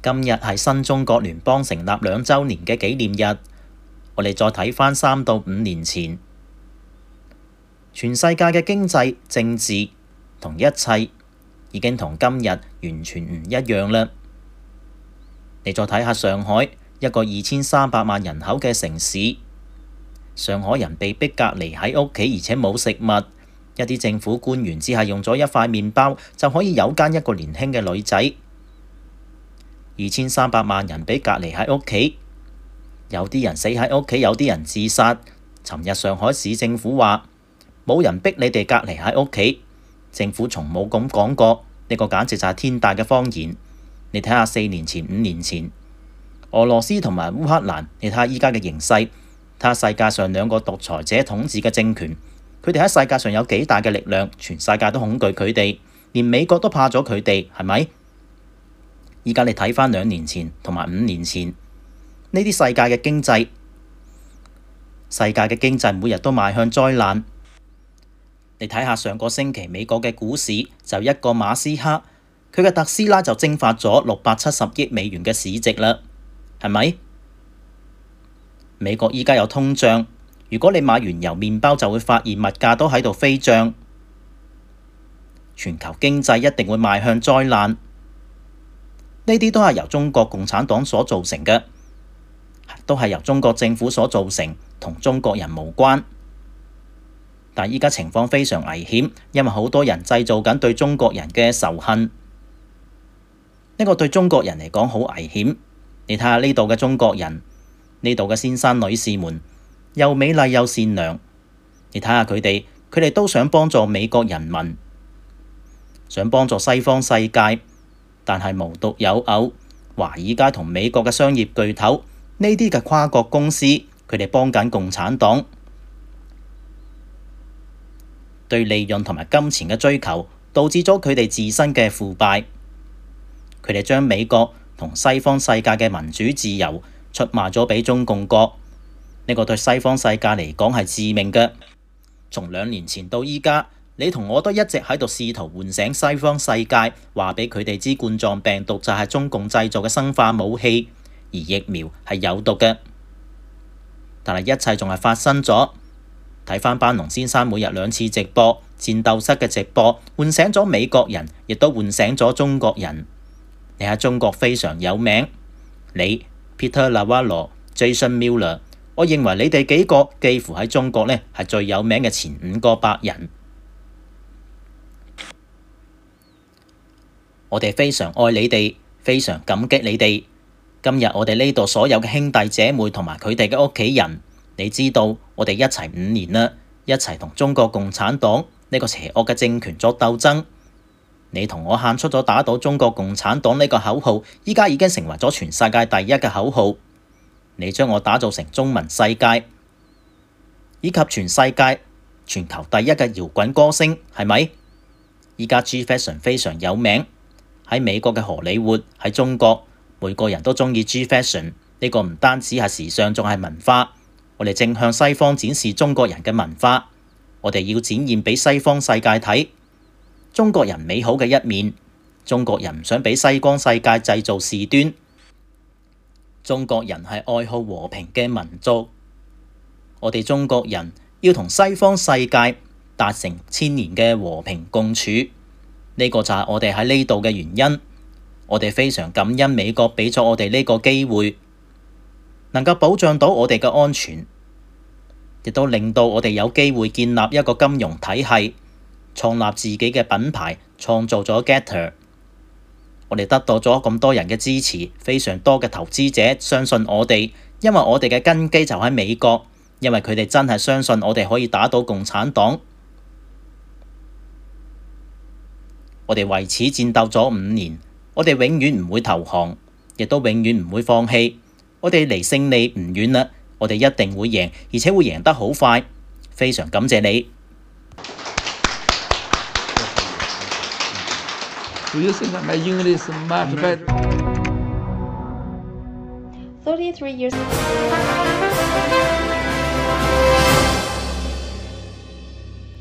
今日係新中國聯邦成立兩週年嘅紀念日，我哋再睇返三到五年前，全世界嘅經濟、政治同一切已經同今日完全唔一樣啦。你再睇下上海一個二千三百萬人口嘅城市，上海人被逼隔離喺屋企，而且冇食物，一啲政府官員只係用咗一塊麵包就可以有間一個年輕嘅女仔。二千三百萬人俾隔離喺屋企，有啲人死喺屋企，有啲人自殺。尋日上海市政府話：冇人逼你哋隔離喺屋企，政府從冇咁講過。呢個簡直就係天大嘅謊言。你睇下四年前、五年前，俄羅斯同埋烏克蘭，你睇下依家嘅形勢，睇下世界上兩個獨裁者統治嘅政權，佢哋喺世界上有幾大嘅力量，全世界都恐懼佢哋，連美國都怕咗佢哋，係咪？依家你睇返兩年前同埋五年前呢啲世界嘅經濟，世界嘅經濟每日都邁向災難。你睇下上個星期美國嘅股市，就一個馬斯克，佢嘅特斯拉就蒸發咗六百七十億美元嘅市值啦，係咪？美國依家有通脹，如果你買原油麵包，就會發現物價都喺度飛漲。全球經濟一定會邁向災難。呢啲都係由中國共產黨所造成嘅，都係由中國政府所造成，同中國人無關。但係依家情況非常危險，因為好多人製造緊對中國人嘅仇恨，呢個對中國人嚟講好危險。你睇下呢度嘅中國人，呢度嘅先生女士們，又美麗又善良。你睇下佢哋，佢哋都想幫助美國人民，想幫助西方世界。但係無獨有偶，華爾街同美國嘅商業巨頭呢啲嘅跨國公司，佢哋幫緊共產黨，對利潤同埋金錢嘅追求，導致咗佢哋自身嘅腐敗。佢哋將美國同西方世界嘅民主自由出賣咗俾中共國，呢個對西方世界嚟講係致命嘅。從兩年前到依家。你同我都一直喺度試圖喚醒西方世界，話畀佢哋知冠狀病毒就係中共製造嘅生化武器，而疫苗係有毒嘅。但係一切仲係發生咗。睇翻班農先生每日兩次直播，戰鬥室嘅直播，喚醒咗美國人，亦都喚醒咗中國人。你喺中國非常有名，你 Peter Navarro、Jason Miller，我認為你哋幾個幾乎喺中國呢係最有名嘅前五個白人。我哋非常愛你哋，非常感激你哋。今日我哋呢度所有嘅兄弟姐妹同埋佢哋嘅屋企人，你知道我哋一齊五年啦，一齊同中國共產黨呢個邪惡嘅政權作鬥爭。你同我喊出咗打倒中國共產黨呢個口號，依家已經成為咗全世界第一嘅口號。你將我打造成中文世界以及全世界全球第一嘅搖滾歌星，係咪？依家 G Fashion 非常有名。喺美國嘅荷里活，喺中國，每個人都鍾意 G fashion。呢個唔單止係時尚，仲係文化。我哋正向西方展示中國人嘅文化。我哋要展現俾西方世界睇中國人美好嘅一面。中國人唔想俾西方世界製造事端。中國人係愛好和平嘅民族。我哋中國人要同西方世界達成千年嘅和平共處。呢個就係我哋喺呢度嘅原因，我哋非常感恩美國俾咗我哋呢個機會，能夠保障到我哋嘅安全，亦都令到我哋有機會建立一個金融體系，創立自己嘅品牌，創造咗 Gettr。我哋得到咗咁多人嘅支持，非常多嘅投資者相信我哋，因為我哋嘅根基就喺美國，因為佢哋真係相信我哋可以打倒共產黨。我哋為此戰鬥咗五年，我哋永遠唔會投降，亦都永遠唔會放棄。我哋離勝利唔遠啦，我哋一定會贏，而且會贏得好快。非常感謝你。